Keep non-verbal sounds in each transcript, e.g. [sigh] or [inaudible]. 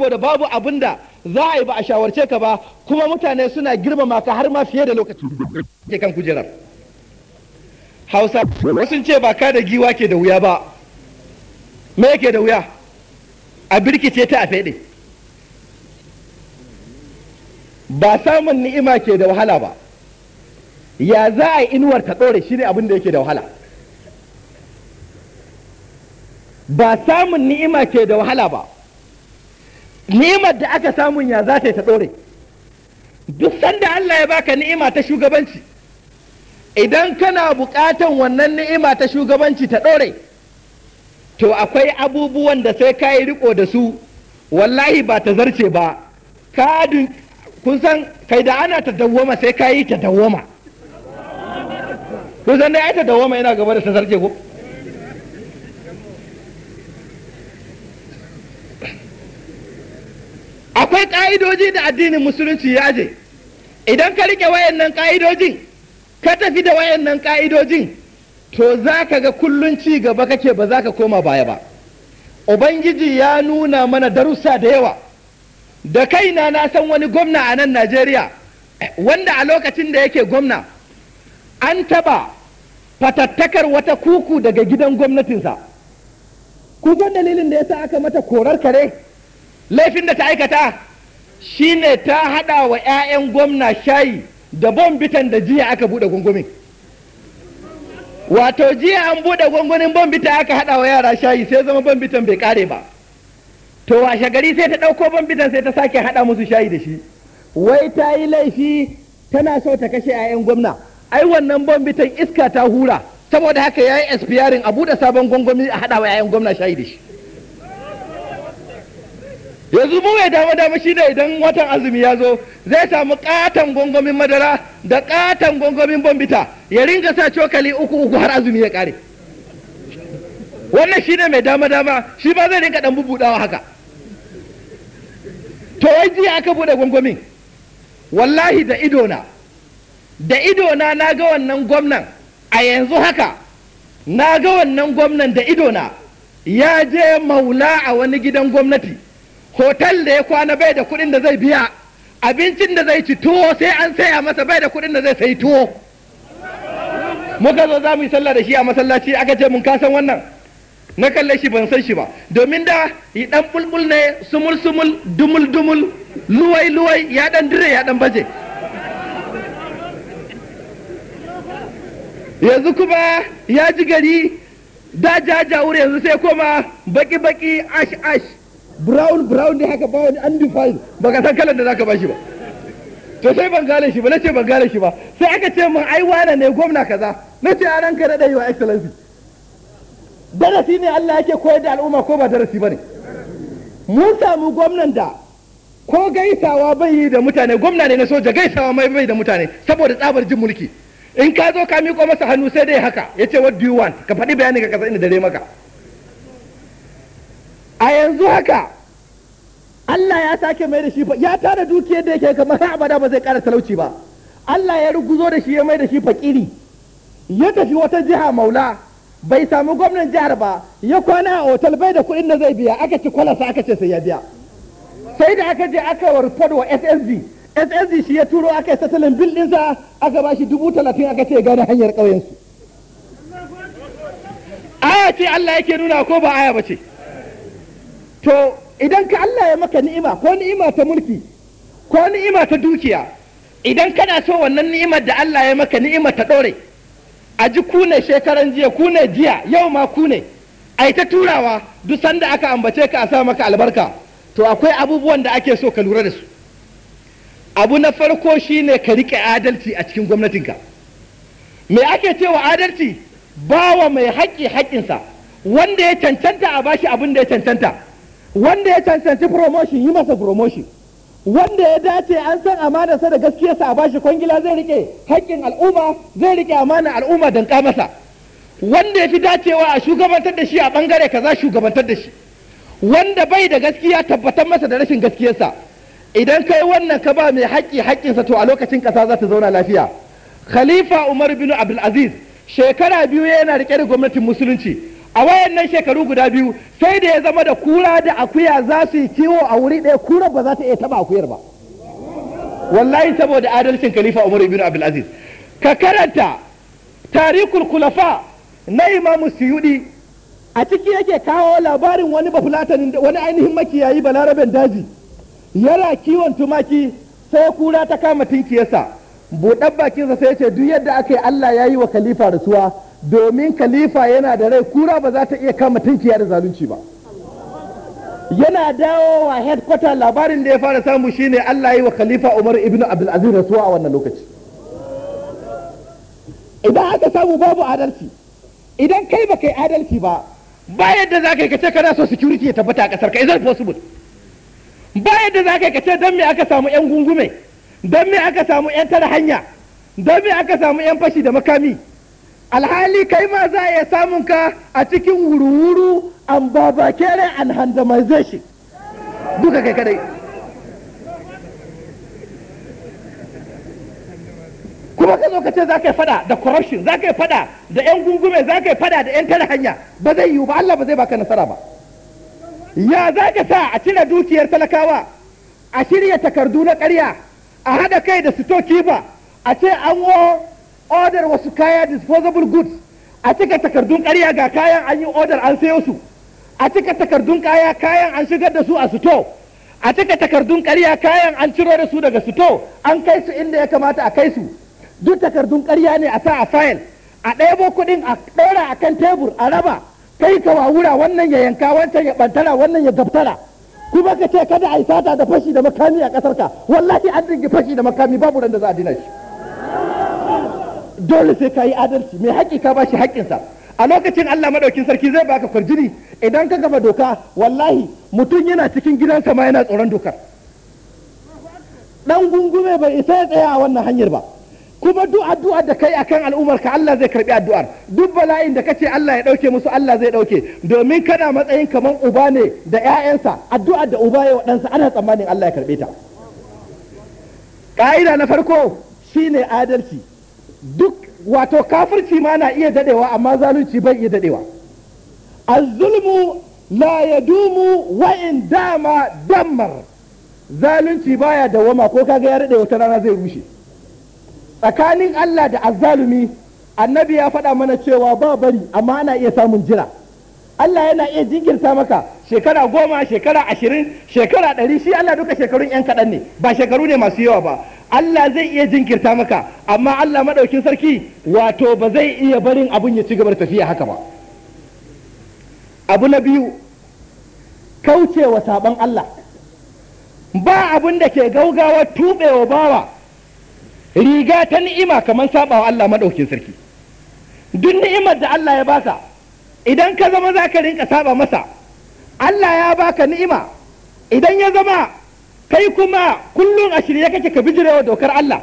saboda babu abin da za a yi ba a shawarce ka ba kuma mutane suna girmama ka har ma fiye da lokacin ke kan kujerar hausa sun ce ba ka da giwa ke da wuya ba me yake da wuya a birkice ta a fede ba samun ni'ima ke da wahala ba ya za a yi inuwar ka ɗore shi ne abin da yake da wahala ba samun ni'ima ke da wahala ba ni'imar da aka samun ya za ta ɗore duk sanda Allah ya baka ni'ima ta shugabanci idan kana buƙatan wannan ni'ima ta shugabanci ta ɗore to akwai abubuwan da sai ka yi riko da su wallahi ba ta zarce ba ka kun san kai da ana ta dawwama sai ka yi ta dawwama kun san da ya ta dawwama yana gaba da ta zarce ko akwai ƙa'idoji da addinin musulunci ya je idan ka riƙe wayannan ƙa'idojin ka tafi da wayannan ƙa'idojin to za ka ga kullun ci gaba kake ba za ka koma baya ba ubangiji ya nuna mana darussa da yawa da kaina na san wani gwamna a nan najeriya wanda a lokacin da yake gwamna an taɓa fatattakar wata kuku daga gidan gwamnatinsa kusan dalilin da ya sa aka mata korar kare laifin da ta aikata shi ne ta haɗa wa 'ya'yan gwamna shayi da bombitan da jiya aka buɗe gungumin wato jiya an buɗe gungunin bombita aka haɗa wa yara shayi sai zama bombitan bai kare ba to washe gari sai ta ɗauko bombitan sai ta sake haɗa musu shayi da shi wai ta yi laifi tana so ta kashe 'ya'yan gwamna ai wannan bombitan iska ta hura saboda haka ya yi a buɗe sabon gwangwami a haɗa wa 'ya'yan gwamna shayi da shi yanzu mu mai dama dama shi ne idan watan azumi ya zo zai samu katon gongomin madara da katon gongomin bombita ya ringa sa cokali uku uku har azumi ya kare wannan shi ne mai dama dama shi ba zai rinka dan bubudawa haka to wai jiya aka bude gongomin wallahi da idona da idona na ga wannan gwamnan a yanzu haka na ga wannan gwamnan da idona ya je maula a wani gidan gwamnati hotel da ya kwana bai da kuɗin da zai biya abincin da zai ci tuwo sai an saya masa bai da kuɗin da zai sayi tuwo muka zo za mu yi sallah da shi a masallaci aka ce mun kasan wannan na kalle shi ban san shi ba domin da yi dan bulbul ne sumul sumul dumul dumul luwai luwai ya dan dire ya dan baje yanzu kuma ya ji gari da jajawur yanzu sai koma baki baki ash ash brown brown ne haka ba wani ba ka san kalar da zaka bashi ba to sai ban gane shi ba nace ban gane shi ba sai aka ce min ai wane ne gwamna kaza nace a ranka da dai wa excellency darasi ne Allah yake koyar da al'umma ko ba darasi bane mun samu gwamnan da ko gaisawa bai yi da mutane gwamna ne na soja gaisawa mai bai da mutane saboda tsabar jin mulki in ka zo ka miƙo masa hannu sai dai haka yace what do you want ka faɗi bayani ka kasa inda dare maka a yanzu haka Allah ya sake mai da shi ya tara dukiyar da yake kamar abada ba zai kara talauci ba Allah ya ruguzo da shi ya mai da shi fakiri ya tafi wata jiha maula bai samu gwamnan jihar ba ya kwana a otal bai da kuɗin da zai biya aka ci kwalasa aka ce sai ya biya sai da aka je aka wa report wa SSD SSD shi ya turo aka yi satalin bil ɗinsa aka ba shi dubu talatin aka ce gane hanyar ƙauyensu aya ce Allah yake nuna ko ba aya ba ce to idan ka Allah ya maka ni'ima ko ni'ima ta mulki ko ni'ima ta dukiya idan kana so wannan ni'imar da Allah ya maka ni'ima ta ɗore a ji ku ne shekaran jiya ku ne jiya yau ma ku ne a ta turawa duk sanda aka ambace ka a sa maka albarka to akwai abubuwan da ake so ka lura da su abu na farko shine ka rike adalci a cikin gwamnatinka me ake cewa adalci bawa mai haƙƙi haƙƙinsa wanda ya cancanta a bashi abin da ya cancanta wanda ya cancanci promotion yi masa promotion wanda ya dace an san amanarsa da gaskiyarsa a bashi kwangila zai rike haƙƙin al'umma zai rike amana al'umma don masa wanda ya fi dacewa a shugabantar da shi a bangare kaza shugabantar da shi wanda bai da gaskiya tabbatar masa da rashin gaskiyarsa idan kai wannan ka ba mai haƙƙi haƙƙinsa to a lokacin ƙasa za ta zauna lafiya khalifa umar bin abdulaziz shekara biyu yana riƙe da gwamnatin musulunci a wayannan shekaru guda biyu sai da ya zama da kura da akuya za su yi kiwo a wuri ɗaya kura ba za ta iya taba akuyar ba wallahi saboda adalcin khalifa umar ibn abdul aziz ka karanta tarikul kulafa na imamu suyudi a ciki yake kawo labarin wani bafulatanin wani ainihin makiyayi balaraben daji yana kiwon tumaki sai kura ta kama tinkiyarsa buɗar bakinsa sai ya ce duk yadda aka yi allah ya yi wa khalifa rasuwa domin khalifa yana da rai kura ba za ta iya kama tunkiya da zalunci ba yana dawowa headquarter labarin da ya fara samu shine Allah yi wa khalifa Umar ibn Abdulaziz rasuwa a wannan lokaci idan aka samu babu adalci idan kai ba kai adalci ba ba yadda za ka yi kace kana so security ya tabbata a kasar ka is possible ba yadda za ka yi kace don me aka samu yan gungume don me aka samu yan tara hanya don me aka samu yan fashi da makami alhali kai ma za a iya samun ka a cikin wuru-wuru an kere an shi duka kai kadai kuma ka zo za ka yi fada da corruption za ka yi fada da 'yan gungume za ka yi fada da 'yan tare hanya ba zai yiwu ba Allah ba zai baka nasara ba ya za ka sa a cire dukiyar talakawa a shirya takardu na karya a haɗa kai da sito kifa a ce an wo Order wasu kaya disposable goods a cika takardun ƙarya ga kayan an yi order an sayo su a cika takardun kaya kayan an shigar da su a suto a cika takardun ƙarya kayan an ciro da su daga suto an kai su inda ya kamata a kai su duk takardun ƙarya ne a sa a fayil a ɗebo kuɗin a ɗora a kan tebur a raba kai ka wawura wannan ya yanka wancan ya ɓantara wannan ya gabtara kuma ka ce kada a yi sata da fashi da makami a ƙasarka wallahi an dinga fashi da makami babu ran da za a dina shi dole sai ka yi adalci mai haƙi ka ba shi haƙƙinsa a lokacin Allah maɗaukin sarki zai baka kwarjini idan ka gaba doka wallahi mutum yana cikin gidan ma yana tsoron dokar dan gungume bai isa ya tsaya a wannan hanyar ba kuma duk addu'a da kai akan al'ummar ka Allah zai karbi addu'ar duk bala'in da kace Allah ya dauke musu Allah zai dauke domin kana matsayin kaman uba ne da ƴaƴansa addu'ar da uba ya wadansa ana tsammanin Allah ya karbe ta ka'ida na farko shine adalci duk wato kafirci ma na iya dadewa amma zalunci bai iya dadewa Azulmu zulmu la yadumu wa in dama dammar zalunci baya da wama, ko kaga ya dade wata rana zai rushe tsakanin Allah da azzalumi annabi ya faɗa mana cewa ba bari amma ana iya samun jira Allah yana iya jinkirta maka shekara goma shekara ashirin shekara ɗari shi Allah duka shekarun yan kaɗan ne ba shekaru ne masu yawa ba Allah zai iya jinkirta maka amma Allah maɗaukin sarki wato ba zai iya barin abun ya ci gaba da tafiya haka ba abu na biyu kaucewa saban Allah ba abun da ke gaugawa tuɓewa bawa riga ta ni'ima kamar saɓawa Allah maɗaukin sarki duk ni'imar da Allah ya baka idan ka zama za ka rinka saba masa Allah ya baka ni'ima idan ya zama kai kuma kullum a shirye kake ka wa dokar Allah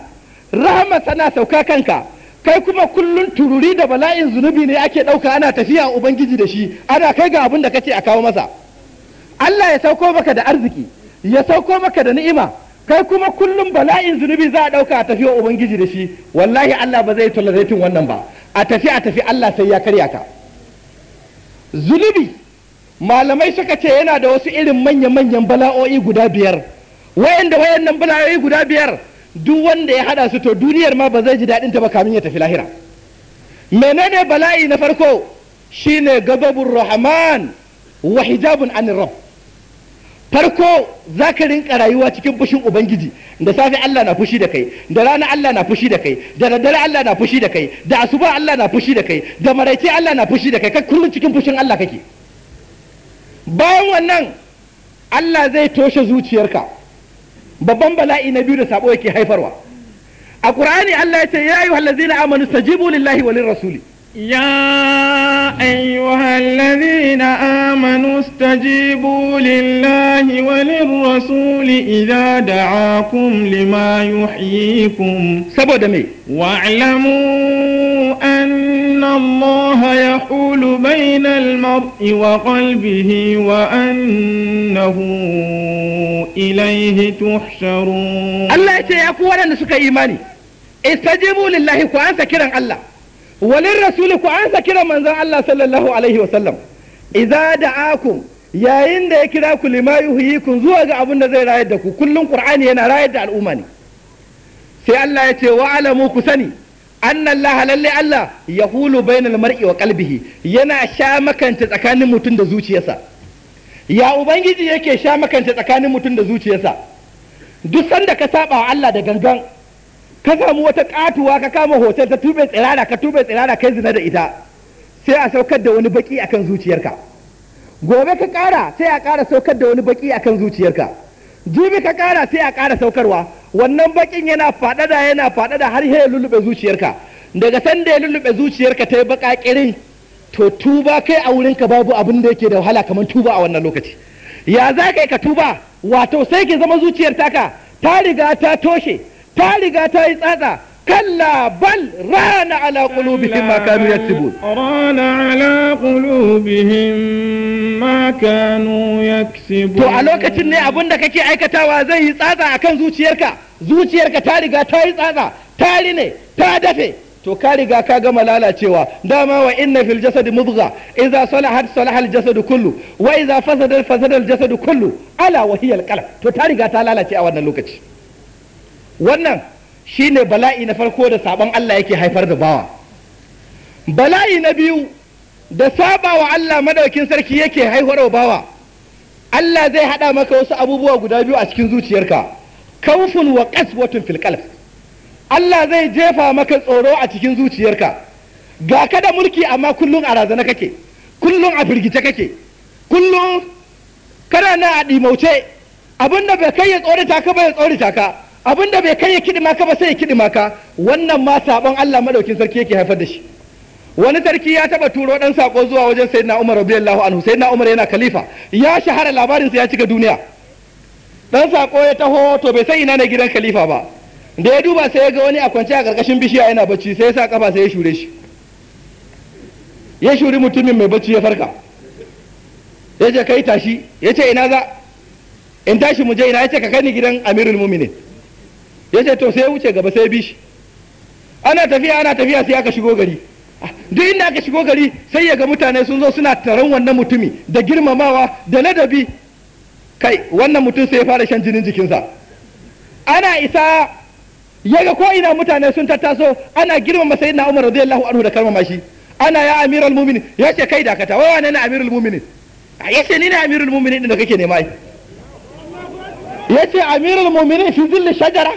rahama tana sauka kanka kai kuma kullum tururi da bala'in zunubi ne ake ɗauka ana tafiya ubangiji da shi ana kai ga abin da kace a kawo masa Allah ya sauko maka da arziki ya sauko maka da ni'ima kai kuma kullum bala'in zunubi za a ɗauka a tafiya ubangiji da shi wallahi Allah ba zai tolerating wannan ba a tafi a tafi Allah sai ya karya ka zunubi malamai suka ce yana da wasu irin manya-manyan bala'o'i guda biyar wayanda wayannan bala'o'i guda biyar duk wanda ya hada su to duniyar ma ba zai ji daɗin ta ba kamin ya tafi lahira menene bala'i na farko shine gababun rahman wa hijabun anir farko za ka rinka rayuwa cikin fushin ubangiji da safe Allah na fushi da kai da rana Allah na fushi da kai da daddare Allah na fushi da kai da asuba Allah na fushi da kai da maraice Allah na fushi da kai ka kullum cikin fushin Allah kake bayan wannan Allah zai toshe zuciyarka babban bala'i na biyu da sabo yake haifarwa a Qur'ani Allah ya ce ya ayyuhallazina amanu Sajibu lillahi walirrasuli rasuli يا أيها الذين آمنوا استجيبوا لله وللرسول إذا دعاكم لما يحييكم واعلموا أن الله يحول بين المرء وقلبه وأنه إليه تحشرون الله يتعقوا لنا سكا إيماني استجيبوا لله كوانسا كيرا الله walin rasuli ku an kira manzon Allah sallallahu alaihi wasallam idza da'akum yayin da ya kira ku lima yuhyikum zuwa ga abin da zai rayar da ku kullum Ƙur'ani yana rayar da al'umma ne sai Allah ya ce wa alamu ku sani anna Allah lalle Allah yahulu bainal mar'i wa qalbihi yana sha makanta tsakanin mutum da zuciyarsa ya ubangiji yake sha makanta tsakanin mutum da zuciyarsa duk sanda ka saba wa Allah da gangan ka samu wata katuwa ka kama hotel ta tube tsirara ka tube tsirara kai zina da ita sai a saukar da wani baki akan zuciyarka gobe ka kara sai a kara saukar da wani baki akan zuciyarka jibi ka kara sai a kara saukarwa wannan bakin yana fadada yana fadada har ya lullube zuciyarka daga sanda ya lullube zuciyarka ta yi baka kirin to tuba kai a wurinka babu abin da yake da wahala kamar tuba a wannan lokaci ya za ka yi ka tuba wato sai ki zama zuciyar taka ta riga ta toshe ta riga ta yi tsatsa كلا بل ران على قلوبهم ما كانوا يكسبون ران على قلوبهم ما كانوا يكسبون to a lokacin ne abin da kake aikatawa zai yi tsatsa akan zuciyarka zuciyarka ta riga ta yi tsatsa ta ne ta dafe to ka riga ka gama lalacewa dama wa inna fil jasadi mudgha idza salahat salaha al jasadu kullu wa idza fasada fasada al jasadu kullu ala wa hiya al qalb to ta riga ta lalace a wannan lokaci wannan shi ne bala'i na farko da sabon Allah yake haifar da bawa bala'i na biyu da saba wa Allah madaukin sarki yake haifar wa bawa Allah zai haɗa maka wasu abubuwa guda biyu a cikin zuciyarka kaufun wa ƙas fil Allah zai jefa maka tsoro a cikin zuciyarka ga ka da mulki amma kullum a razana kake kullum a firgice kake kullum kana na a ɗimauce abin da bai kai ya tsorata ka ba ya tsorata ka abin da bai kai ya kiɗi maka ba sai ya kiɗi maka. wannan ma sabon Allah madaukin sarki yake haifar da shi wani sarki ya taba turo ɗan saƙo zuwa wajen sayyidina Umar radiyallahu anhu sayyidina Umar yana khalifa ya shahara labarin sa ya cika duniya dan saƙo ya taho to bai sai ina ne gidan khalifa ba da ya duba sai ya ga wani a kwance a karkashin bishiya yana bacci sai ya sa kafa sai ya shure shi ya shuri mutumin mai bacci ya farka ya ce kai tashi ya ce ina za in tashi mu je ina ya ce ka kai ni gidan amirul muminin ya ce to sai ya wuce gaba sai bi shi ana tafiya ana tafiya sai aka shigo gari ah, duk inda aka shigo gari sai ya ga mutane sun zo suna taron wannan mutumi da girmamawa da ladabi kai wannan mutum sai ya fara shan jinin jikinsa ana isa ya ga ko'ina mutane sun tattaso ana girmama sai na umar radiyallahu anhu da karmama shi ana ya amiral muminin ya ce kai dakata wai wane ne amirul muminin ah, ya ce ni ne amirul muminin din da kake nema ya ce amirul muminin fi zilli shajara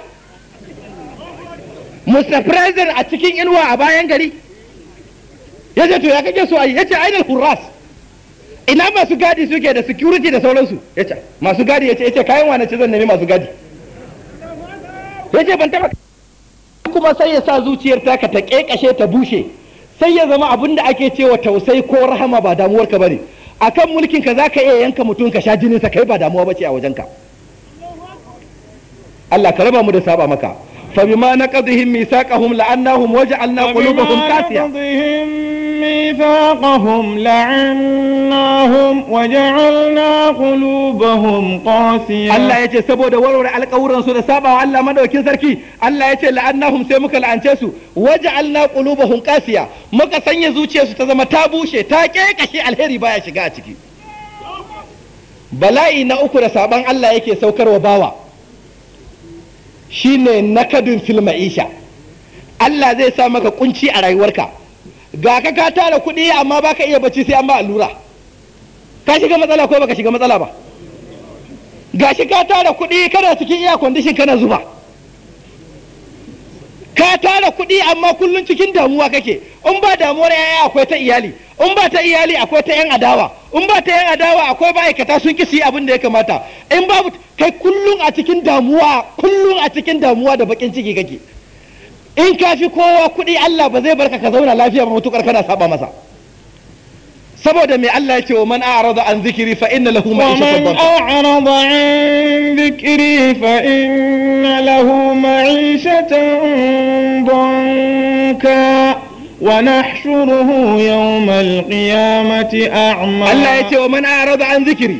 Mr. President a cikin inuwa a bayan gari ya ce to ya kake so a yi ya ce ainihin hurras ina masu gadi suke da security da sauransu ya ce masu gadi ya ce ya ce kayan wane ce zan nemi masu gadi ya ce ban taba kuma sai ya sa zuciyar taka ta kekashe ta bushe sai ya zama abin da ake cewa tausai ko rahama ba damuwarka ba ne A akan mulkin ka zaka iya yanka mutum ka sha jininsa kai ba damuwa ba ce a ka. Allah ka raba mu da saba maka فبما نقضهم ميثاقهم لعناهم وجعلنا قلوبهم قاسية نقضهم ميثاقهم لعناهم وجعلنا قلوبهم قاسية الله يجي سبو دا ورور على قورن سو دا سابا والله مدو كين سركي الله يجي لعناهم سي muka la'ance su waja'alna qulubahum qasiya muka sanya zuciyarsu ta zama ta bushe ta kekashe alheri baya shiga a ciki bala'i na uku da saban Allah yake saukarwa bawa shine nakadin filma isha Allah zai sa maka kunci a rayuwarka ga ka ka tara kuɗi amma ba ka iya bacci sai an ba allura ka shiga matsala ko baka shiga matsala ba Ga shi ka tara kuɗi kana cikin iya kwandishin kana zuba ka tara kuɗi amma kullum cikin damuwa kake in ba damuwar yaya akwai ta iyali in ba ta iyali akwai ta yan adawa in ba ta yan adawa akwai ma'aikata sun kisi abin da ya kamata in ba kai kullum a cikin damuwa kullum a cikin damuwa da bakin ciki kake in ka fi kowa kuɗi Allah ba zai barka ka zauna lafiya ba mutukar kana saba masa saboda mai Allah ya ce wa man a'rada an zikiri fa inna lahu ma'ishatan wa man a'rada an zikiri fa inna lahu ma'ishatan ونحشره يوم القيامة أعمى الله يتي ومن أعرض عن ذكري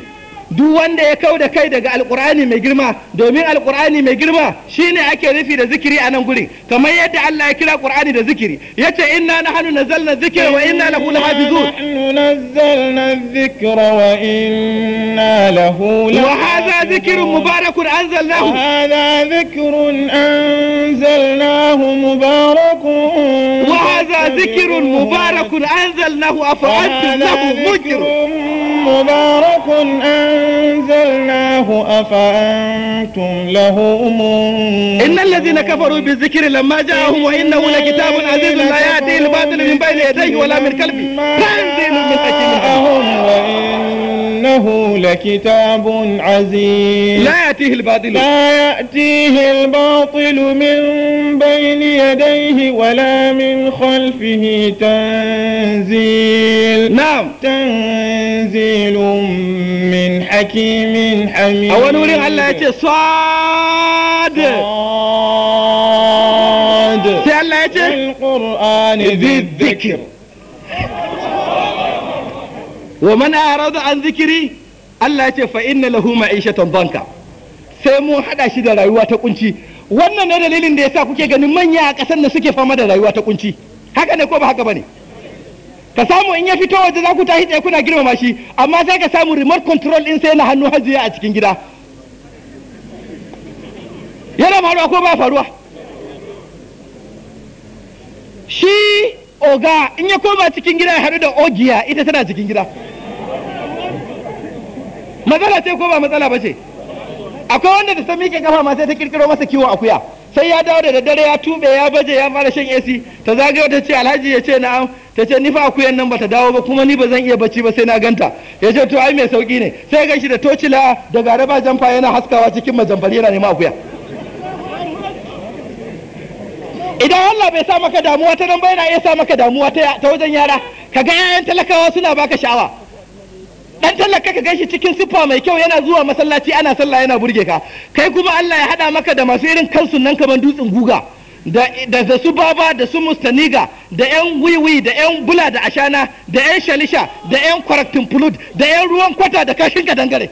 duk wanda ya kau da kai daga alkur'ani mai girma domin alkur'ani mai girma shine ake nufi da zikiri a nan gurin kamar yadda Allah ya kira qur'ani da zikiri yace inna nahnu nazzalna dhikra wa inna lahu lahafizun nahnu nazzalna dhikra wa inna lahu wa hadha dhikrun mubarakun anzalnahu hadha dhikrun anzalnahu mubarakun wa hadha dhikrun mubarakun anzalnahu afa antum lahu mujrim مبارك أنزلناه أفأنتم له إن الذين كفروا بالذكر لما جاءهم وإنه لكتاب عزيز لا يأتيه الباطل من بين يديه ولا من قلبه فأنزلوا من حكيم إنه لكتاب عزيز لا يأتيه الباطل لا يأتيه الباطل من بين يديه ولا من خلفه تنزيل نعم تنزيل من حكيم حميد أول ورغ على يأتي صاد صاد الله يأتي القرآن ذي الذكر wa man arada an zikiri Allah ya ce fa inna lahu ma'ishatan banka sai mun hada shi da rayuwa ta kunci wannan ne dalilin da yasa kuke ganin manya a kasar da suke fama da rayuwa ta kunci haka ne ko ba haka bane ka samu in ya fito waje za ku tashi tsaye kuna girmama shi amma sai ka samu remote control din sai na hannu hajiya a cikin gida yana faruwa ko ba faruwa shi oga in ya koma cikin gida ya haɗu da ogiya ita tana cikin gida matsala ce ko ba matsala ba ce akwai wanda da ta miƙe kafa ma sai ta kirkiro masa kiwon akuya sai ya dawo da daddare ya tube ya baje ya fara shan AC ta zagayo ta ce Alhaji ya ce na'am ta ce ni fa akuyan nan bata dawo ba kuma ni ba zan iya bacci ba sai na ganta ya ce to ai mai sauki ne sai ganshi da tocila da gare ba jamfa yana haskawa cikin majamfari yana neman akuya idan Allah bai sa maka damuwa ta nan ba yana iya sa maka damuwa ta wajen yara ka ga yayan talakawa suna baka sha'awa Ɗan talaka ka gaishe cikin siffa mai kyau yana zuwa masallaci ana sallah yana burge ka kai kuma Allah ya hada maka da masu irin kansu nan kaman dutsen guga da da su baba da su mustaniga da yan wiwi da yan bula da ashana da yan shalisha da yan kwaraktin fulud da yan ruwan kwata da kashin ka dangare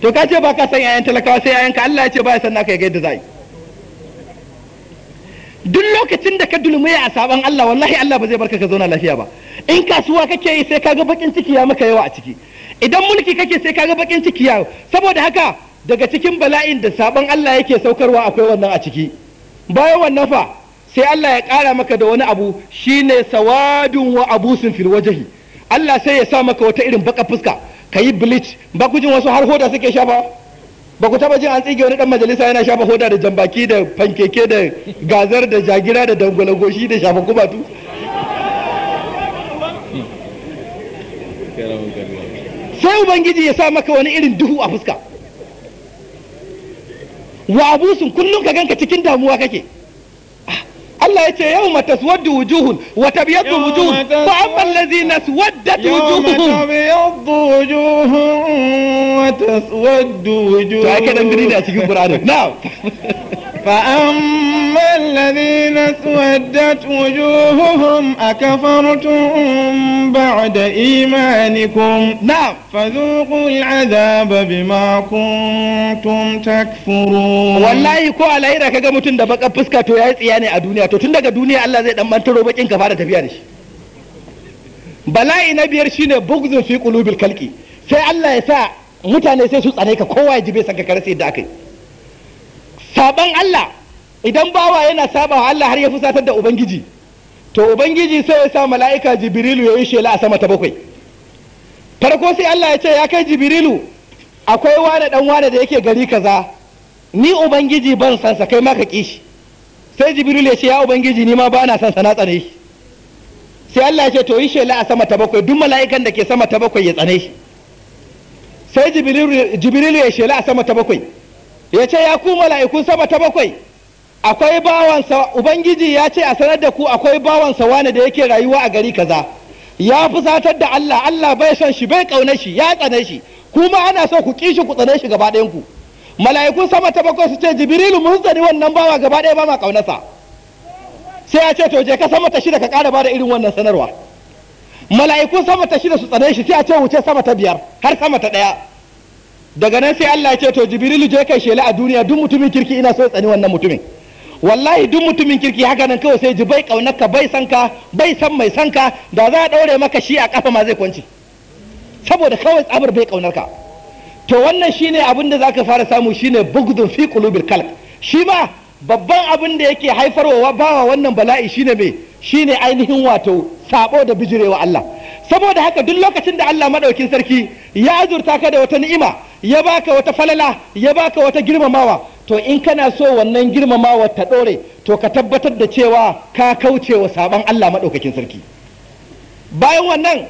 to ka ce ba ka san yayan talakawa sai yayan ka Allah ya ce ba ya san naka ya ga zai duk lokacin da ka dulmiya a saban Allah wallahi Allah ba zai barka ka zauna lafiya ba in kasuwa kake yi sai kaga bakin ciki ya maka yawa a ciki idan mulki kake sai kaga bakin ciki ya saboda haka daga cikin bala'in da saban Allah yake saukarwa akwai wannan a ciki bayan wannan fa sai Allah ya kara maka da wani abu shine sawadun wa abusin fil wajhi Allah sai ya sa maka wata irin baka fuska kayi bleach ba ku wasu har hoda suke sha ba ba ku taba jin an tsige wani dan majalisa yana shafa hoda da jambaki da fankeke da gazar da jagira da dangwala goshi da shafa kubatu sai ubangiji ya sa maka wani irin duhu a fuska wa abusun kullum ka ganka cikin damuwa kake Allah ya ce yau mata suwaddu wujuhun wa tabyaddu wujuhun fa amma allazina suwaddat wujuhun yau tabyaddu wujuhun wa taswaddu wujuhun to ake dan da cikin Qur'ani فأما الذين اسودت وجوههم أكفرتم بعد إيمانكم نعم فذوقوا العذاب بما كنتم تكفرون والله ko a lahira kaga mutum da baka fuska to yayi tsiya ne a duniya to tun daga duniya Allah zai dan mantaro bakin ka fara tafiya da shi bala'i na biyar shine bugzu fi qulubil kalki sai Allah ya sa mutane sai su tsare ka kowa ya ji bai san ka karasa yadda akai saban Allah idan bawa yana saba wa Allah har ya fusatar da ubangiji to ubangiji sai ya sa mala'ika jibrilu ya yi shela a sama ta bakwai farko sai Allah ya ce ya kai jibrilu akwai wane dan wane da yake gari kaza ni ubangiji ban sansa kai ma ka shi, sai jibrilu ya ce ya ubangiji ni ma ba na sansa, na tsane shi sai Allah ya ce to yi shela a sama ta bakwai duk mala'ikan da ke sama ta bakwai ya tsane shi sai jibrilu ya shela a sama ta bakwai ya ce ya ku mala'ikun sama ta bakwai akwai bawansa ubangiji ya ce a sanar da ku akwai bawansa wani da yake rayuwa a gari kaza ya fusatar da Allah Allah bai son shi bai kauna shi ya tsane shi kuma ana so ku kishi ku tsane shi gaba ɗayan ku mala'ikun sama ta bakwai su ce jibrilu mun tsani wannan bawa gaba ɗaya ba ma kaunarsa sai ya ce to je ka sama ta shida ka kara bada irin wannan sanarwa mala'ikun sama ta shida su tsane shi sai a ce wuce sama ta biyar har sama ta ɗaya daga nan sai Allah ya ce to jibrilu je kai shela a duniya duk mutumin kirki ina so tsani wannan mutumin wallahi duk mutumin kirki haka nan kawai sai ji bai kaunarka bai sanka bai san mai sanka ka da za a daure maka shi a kafa ma zai kwanci saboda kawai tsabar bai kaunarka to wannan shine abin da zaka fara samu shine bugdun fi qulubil Shima shi ma babban abin da yake haifarwa bawa wannan bala'i shine me shine ainihin wato sabo da bijirewa Allah saboda haka duk lokacin da Allah madaukin sarki ya azurta ka da wata ni'ima ya baka wata falala ya baka wata girmamawa to in kana so wannan girmamawa ta dore to ka tabbatar da cewa ka kauce wa saban Allah madaukakin sarki bayan wannan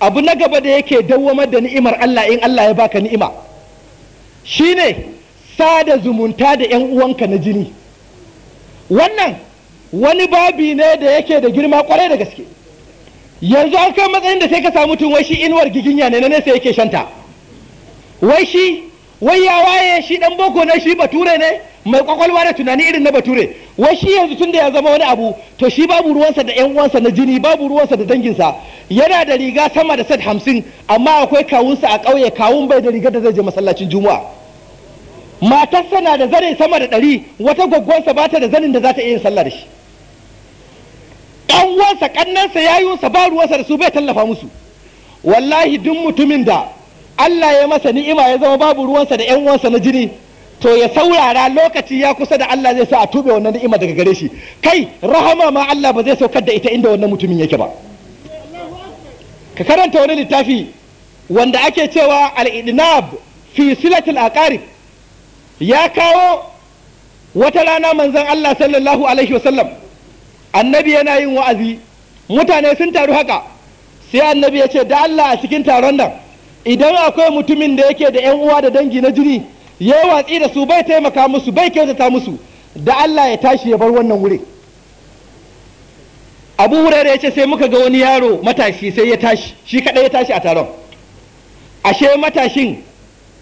abu na gaba da yake dawwamar da ni'imar Allah in Allah ya baka ni'ima shine sada zumunta da yan uwanka na jini wannan wani babi ne da yake da girma kwarai da gaske yanzu an kai matsayin da sai ka samu tun wai shi inuwar giginya ne na nesa yake shanta wai shi wai ya waye shi dan boko na shi bature ne mai kwakwalwa da tunani irin na bature wai shi yanzu tun da ya zama wani abu to shi babu ruwansa da yan uwansa na jini babu ruwansa da danginsa yana da riga sama da set hamsin amma akwai kawunsa a ƙauye kawun bai da rigar da zai je masallacin juma'a matarsa na da zane sama da ɗari wata gwaggwansa ba ta da zanin da za ta iya yin sallah da shi ɗan uwansa yi wasa ba ruwansa da su bai tallafa musu wallahi duk mutumin da Allah ya masa ni'ima ya zama babu ruwansa da ƴan uwansa na jini to ya saurara lokaci ya kusa da Allah zai sa a tube wannan ni'ima daga gare shi kai rahama ma Allah ba zai saukar da ita inda wannan mutumin yake ba ka karanta wani littafi wanda ake cewa al-idnab fi silatil aqarib ya kawo wata rana manzon Allah sallallahu alaihi wasallam annabi yana yin wa'azi mutane sun taru haka sai annabi ya ce da Allah a cikin taron nan idan akwai mutumin da yake da 'yan uwa da dangi na jini ya yi watsi da su bai taimaka musu bai kyautata musu da Allah ya tashi ya bar wannan wurin abu wurare ya ce sai muka ga wani yaro matashi sai ya tashi shi kaɗai ya tashi a taron ashe matashin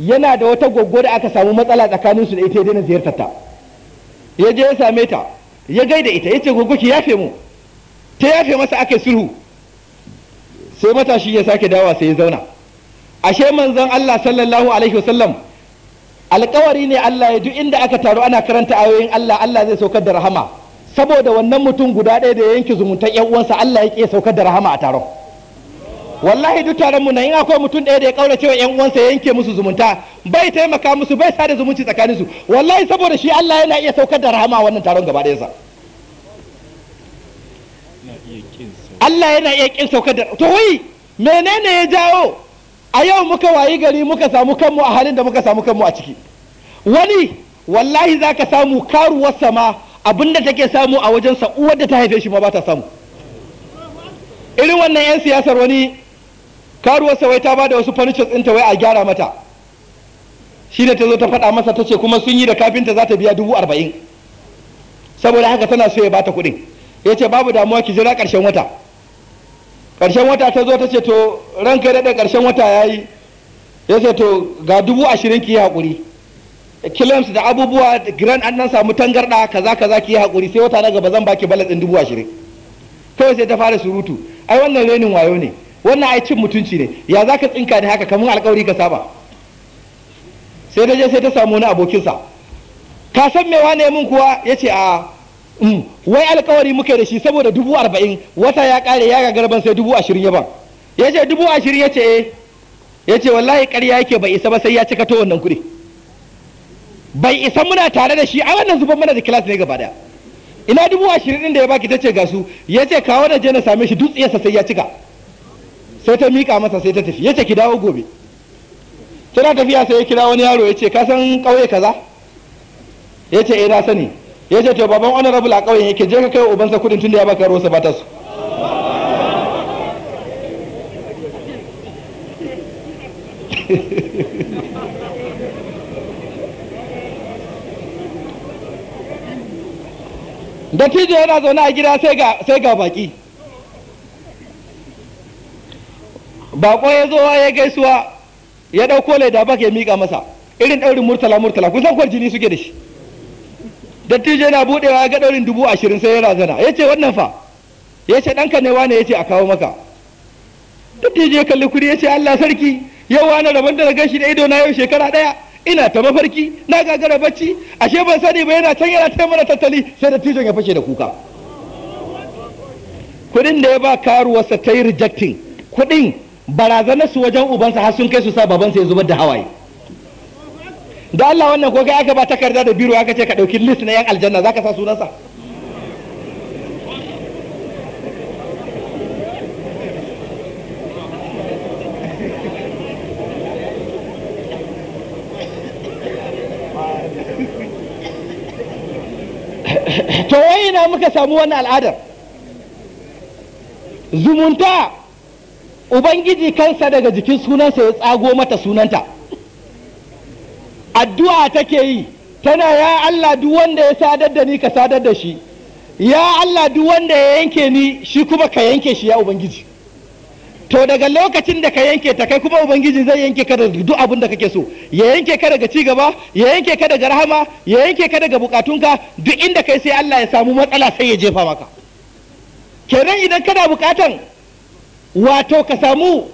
yana da wata goggo da aka samu matsala tsakaninsu da ita ya daina ziyartar ta ya je ya same ta ya gaida ita ya ce ki yafe mu ta yafe masa aka sulhu sai matashi ya sake dawa sai ya zauna ashe manzon Allah sallallahu alaihi wasallam alkawari ne Allah ya duk inda aka taru ana karanta ayoyin Allah Allah zai saukar da rahama saboda wannan mutum guda ɗaya da ya yanke zumuntar yan uwansa Allah ya ke saukar da rahama a taron wallahi duk taron mu na in akwai mutum ɗaya da ya kaura cewa yan uwansa ya yanke musu zumunta bai taimaka musu bai sada zumunci tsakaninsu wallahi saboda shi Allah yana iya saukar da rahama wannan taron gaba Allah yana iya kin saukar da to wai menene ya jawo a yau muka wayi gari muka samu kanmu a halin da muka samu kanmu a ciki wani wallahi zaka samu karuwar sama abinda take samu a wajensa uwar da ta haife shi ma ba ta samu irin wannan 'yan siyasar wani karuwarsa wai ta ba da wasu furnitures ɗinta wai a gyara mata shi da ta zo ta faɗa masa ta ce kuma sun yi da kafinta za ta biya dubu arba'in saboda haka tana so ya bata kuɗin ya ce babu damuwa ki jira ƙarshen wata ƙarshen wata ta zo ta ce to ran kai daɗa ƙarshen wata ya yi ya ce to ga dubu ashirin ki yi haƙuri kilams da abubuwa grand an nan samu tangarɗa kaza kaza ki yi haƙuri sai wata na gaba zan baki balas ɗin dubu ashirin kawai sai ta fara surutu ai wannan renin wayo ne wannan ai cin mutunci ne ya za ka tsinka ne haka kamar alkawari ka saba sai da je sai ta samu wani abokinsa ka san me ne mun kuwa ya ce a ah, mm, wai alkawari muke da shi saboda dubu arba'in wata ya kare ya gagarban sai dubu ashirin ya ban ya ce dubu ashirin ya ce eh. ya ce wallahi karya yake bai isa ba sai ya cika to wannan kuɗi bai isa muna tare da shi a wannan zuban mana da kilas ne gaba ina dubu ashirin din da ya baki ta ce ga su ya ce kawo da je na same shi dutsiyarsa sai ya cika sai ta miƙa masa sai ta tafi yace ki dawo gobe tana tafiya sai ya kira wani yaro ya ce ka san ƙauye kaza ya ce eh na sani ya ce to baban rabu a ƙauyen yake je ka kai ubansa kudin tunda ya baka rosa ba ta su [laughs] dattijo yana zaune a gida sai ga baki ko ya zo ya gaisuwa ya ɗauko leda bak ya miƙa masa irin ɗaurin murtala murtala kusan kwar jini suke da shi dattijo yana buɗewa ya ga ɗaurin dubu ashirin sai ya razana ya ce wannan fa ya ce ɗanka ne wane ya a kawo maka dattijo ya kalli kuri ya ce allah sarki yau wani rabon da shi shi da ido na yau shekara ɗaya ina ta mafarki na gagara bacci ashe ban sani ba yana can yana taimana tattali sai dattijon ya fashe da kuka kuɗin da ya ba karuwarsa ta yi rejecting kuɗin barazanar su wajen ubansa har sun kai su sa babansa ya zubar da hawaye da Allah wannan ko kai aka ba takarda da biro aka ce ka dauki list na yan aljanna zaka sa sunansa to wai ina muka samu wannan al'adar zumunta ubangiji kansa daga jikin sunansa ya tsago mata sunanta addu'a take yi tana ya Allah duk wanda ya sadar da ni ka sadar da shi ya Allah duk wanda ya yanke ni shi kuma ka yanke shi ya ubangiji to daga lokacin da ka yanke ta kai kuma ubangiji zai yanke ka daga duk abin da kake so ya yanke ka daga ci gaba ya yanke ka daga rahama ya yanke ka daga bukatunka duk inda kai sai Allah ya samu matsala sai ya jefa maka kenan idan kana bukatan wato ka samu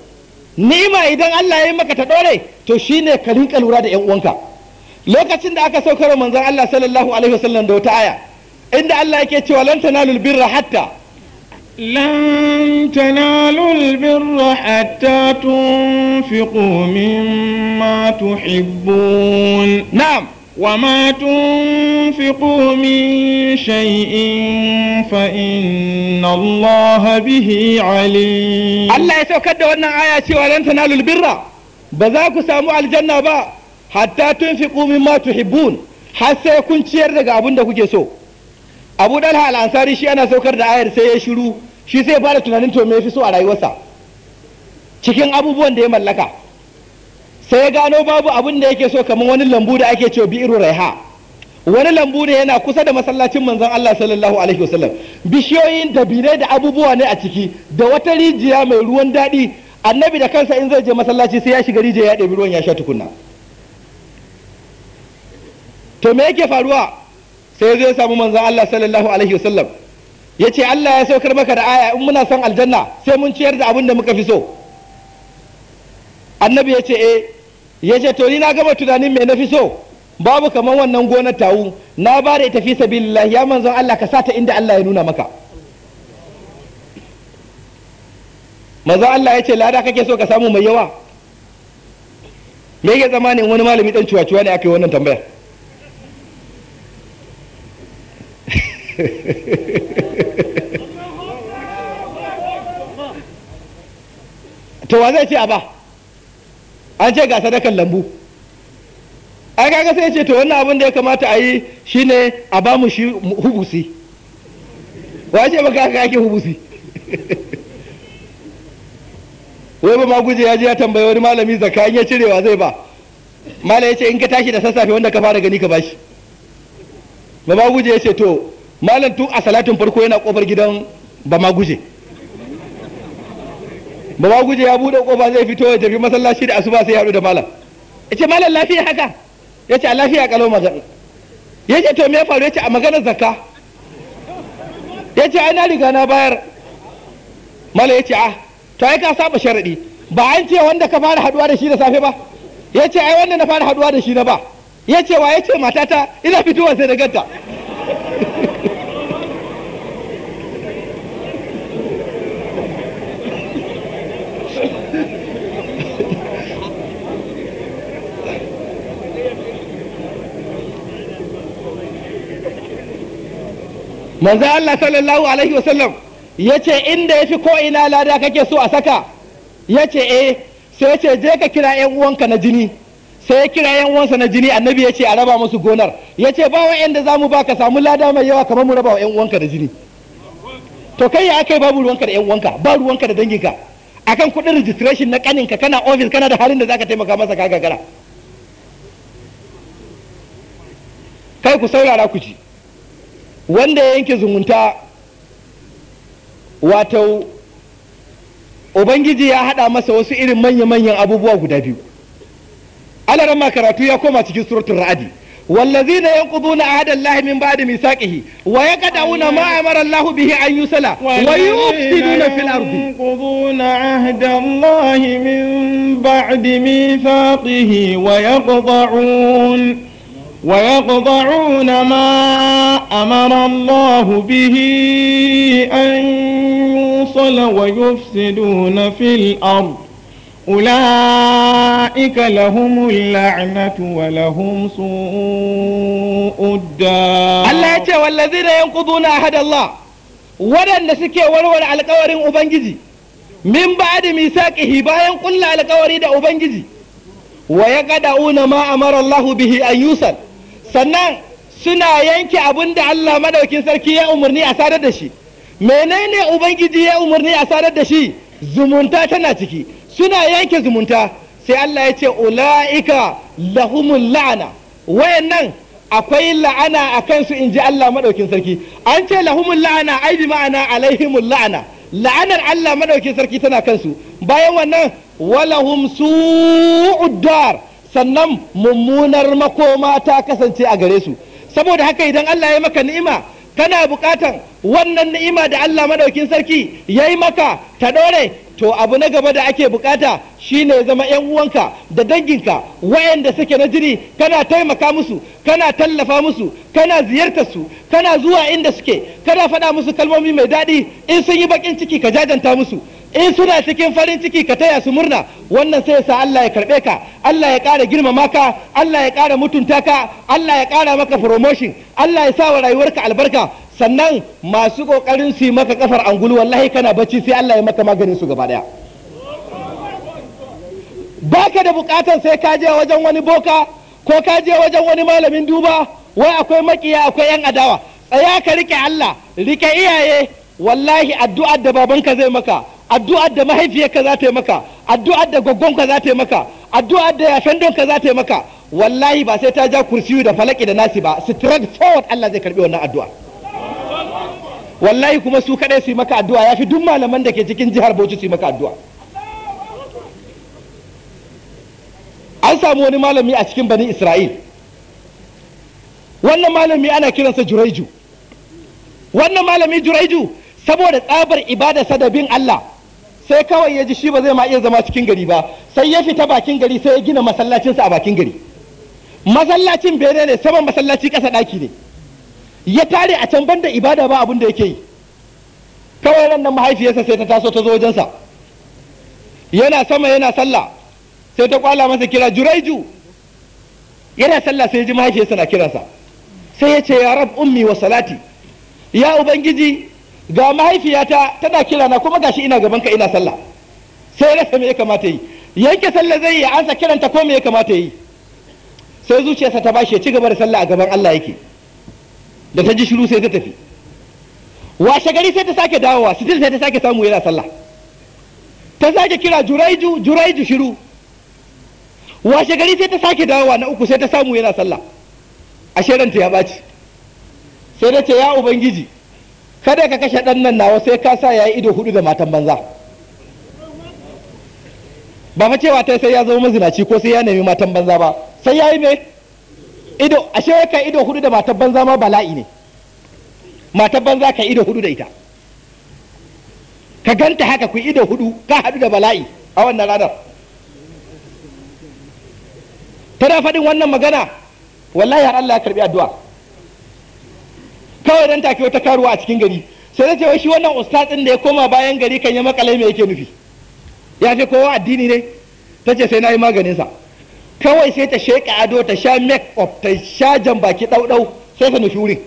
ni'ima idan Allah ya yi maka ta dore to shine ka rinka lura da yan uwanka lokacin da aka saukar manzon Allah sallallahu alaihi wasallam da wata aya inda Allah yake cewa lan tanalul birra hatta lan tanalul birra hatta tuhibbun وما تنفقوا من شيء فإن الله به عليم الله يسوكد وانا Ba ولن تنالوا البر بذاك سامو الجنة با حتى تنفقوا مما تحبون حتى يكون ciyar daga abun da kuke so Abu Dalha al-Ansari shi ana saukar da ayar sai ya shiru shi sai fara tunanin to me fi so a rayuwarsa cikin abubuwan da ya mallaka sai ya gano babu abin da yake so kamar wani lambu da ake cewa bi'iru raiha wani lambu ne yana kusa da masallacin manzon Allah sallallahu alaihi wasallam bishiyoyin dabinai da abubuwa ne a ciki da wata rijiya mai ruwan daɗi annabi da kansa in zai je masallaci sai ya shiga rijiya ya ɗebi ruwan ya sha tukunna to me yake faruwa sai zai samu manzon Allah sallallahu alaihi wasallam ya ce Allah ya saukar maka da aya in muna son aljanna sai mun ciyar da abin da muka fi so annabi ya ce e, ya ce to ni na gama tunanin mai na fi so babu kamar wannan gonar tawu na ba da ita fi sabilillah ya manzon Allah ka sata inda Allah ya nuna maka manzon Allah ya ce lada kake so ka samu mai yawa me yake zamanin wani malami dan cuwa ne aka yi wannan tambaya [laughs] to wa zai ce a ba an ce ga sadakar lambu ai kaga sai ce to wannan abin da ya kamata a yi shine a ba mu shi hubusi wa ce baka haka ake hubusi [laughs] wai ba guje ya je ya tambaye wani malami zakka in ya cirewa zai ba malam ya ce in ka tashi da sassafe wanda ka fara gani ka bashi ba guje ya ce to malam tun a salatin farko yana kofar gidan ba guje. baba guje ya bude kofa zai fito ya tafi masallaci da asuba sai ya haɗu da malam yace malam lafiya haka yace a lafiya kalau magana yace to me ya faru yace a magana zakka yace ai na riga na bayar malam yace ah to ai ka saba sharadi ba an ce wanda ka fara haduwa da shi da safe ba yace ai wanda na fara haduwa da shi na ba yace wa yace matata ina fitowa sai da ganta manzo Allah sallallahu alaihi wasallam yace inda yafi ko ina lada kake so a saka yace eh sai yace je ka kira yan uwanka na jini sai ya kira yan uwansa na jini annabi ya ce a raba musu gonar yace ba wa yanda zamu ka samu lada mai yawa kamar mu raba wa yan uwanka na jini to kai ya kai babu ruwanka da yan uwanka ba ruwanka da danginka akan kudin registration na kaninka kana office kana da halin da zaka taimaka masa ka gagara kai ku saurara ku ji wanda ya yanke zumunta wato ubangiji ya haɗa masa wasu irin manya-manyan abubuwa guda biyu alarama karatu ya koma cikin suratun ra'adi والذين ينقضون عهد الله من بعد ميثاقه ويقطعون ما امر الله به ان يصلى ويفسدون في الارض ينقضون عهد الله من بعد ميثاقه ويقطعون ويقطعون ما أمر الله به أن يوصل ويفسدون في الأرض أولئك لهم اللعنة ولهم سوء الدار الله يتي والذين ينقضون أحد الله ودن سكي ورور على قوار أبنجزي من بعد ميثاقه باين قل على قوار أبنجزي ويقدعون ما أمر الله به أن يوصل sannan suna yanke abin da Allah madaukin sarki ya umarni a sadar da shi menene ubangiji ya umarni a sadar da shi zumunta tana ciki suna yanke zumunta sai Allah ya ce ula'ika lahumul la'ana wayannan akwai la'ana a kansu in ji Allah madaukin sarki an ce lahumul la'ana ai bi ma'ana alaihimul la'ana la'anar Allah madaukin sarki tana kansu bayan wannan walahum su'ud dar sannan mummunar makoma ta kasance a gare su saboda haka idan Allah ya maka ni'ima kana bukatan wannan ni'ima da Allah madaukin sarki ya yi maka ta dore to abu na gaba da ake bukata shine ya zama yan uwanka da danginka wayanda suke na jiri kana taimaka musu kana tallafa musu kana ziyartar su kana zuwa inda suke kana faɗa musu kalmomi mai daɗi in sun yi bakin ciki ka jajanta musu in suna cikin farin ciki ka taya su murna wannan sai sa Allah ya karbe ka Allah ya ƙara girmama ka Allah ya ƙara mutunta ka Allah ya ƙara maka promotion Allah ya sa wa rayuwarka albarka sannan masu ƙoƙarin su maka kafar angulu wallahi kana bacci sai Allah ya maka maganin su gaba daya baka da bukatan sai ka je wajen wani boka ko ka je wajen wani malamin duba wai akwai makiya akwai yan adawa tsaya ka rike Allah rike iyaye wallahi addu'ar da babanka zai maka addu'ar da mahaifiyarka za ta yi maka addu'ar da gwaggonka za ta yi maka addu'ar da yafen za ta yi maka wallahi ba sai ta ja kursiyu da falaki da nasi ba straight forward Allah zai karbi wannan addu'a wallahi kuma su kadai su yi maka addu'a yafi duk malaman da ke cikin jihar Bauchi su yi maka addu'a an samu wani malami a cikin bani Isra'il wannan malami ana kiransa Juraiju wannan malami Juraiju saboda tsabar ibada sadabin Allah sai kawai ya ji shi ba zai ma iya zama cikin gari ba sai ya fita bakin gari sai ya gina masallacinsa a bakin gari masallacin bene ne saman masallaci ƙasa ɗaki ne ya tare a can banda ibada ba abin da yake yi kawai ran nan mahaifiyarsa sai ta taso ta zo wajensa yana sama yana sallah sai ta kwala masa kira juraiju yana sallah sai ya ji mahaifiyarsa na kiransa sai ya ce ya rab ummi wa salati ya ubangiji ga mahaifiyata tana kira na kuma gashi ina gaban ka ina sallah sai rasa me ya kamata yi yanke sallah zai yi ansa kiranta ko me ya kamata yi sai zuciyarsa ta bashi ya ci gaba da sallah a gaban Allah yake da ta ji shiru sai ta tafi washe gari sai ta sake dawowa sitil sai ta sake samu yana sallah ta sake kira juraiju juraiju shiru washe gari sai ta sake dawowa na uku sai ta samu yana sallah a sheranta ya ɓaci sai ta ce ya ubangiji kada ka kashe ɗan nan nawa sai ka sa ya yi ido hudu da matan banza ba fa cewa ta sai ya zama mazinaci ko sai ya nemi matan banza ba sai ya yi me ido ashe ka ido hudu da matan banza ma bala'i ne matan banza ka ido hudu da ita ka ganta haka ku ido hudu ka hadu da bala'i a wannan ranar tana faɗin wannan magana wallahi har Allah ya karbi addu'a kawai dan take wata karuwa a cikin gari sai na ce shi wannan ustaz din da ya koma bayan gari kan ya makalai me yake nufi ya fi kowa addini ne ta ce sai na yi maganin sa kawai sai ta sheka ado ta sha make up ta sha jan baki ɗauɗau sai ta nufi wurin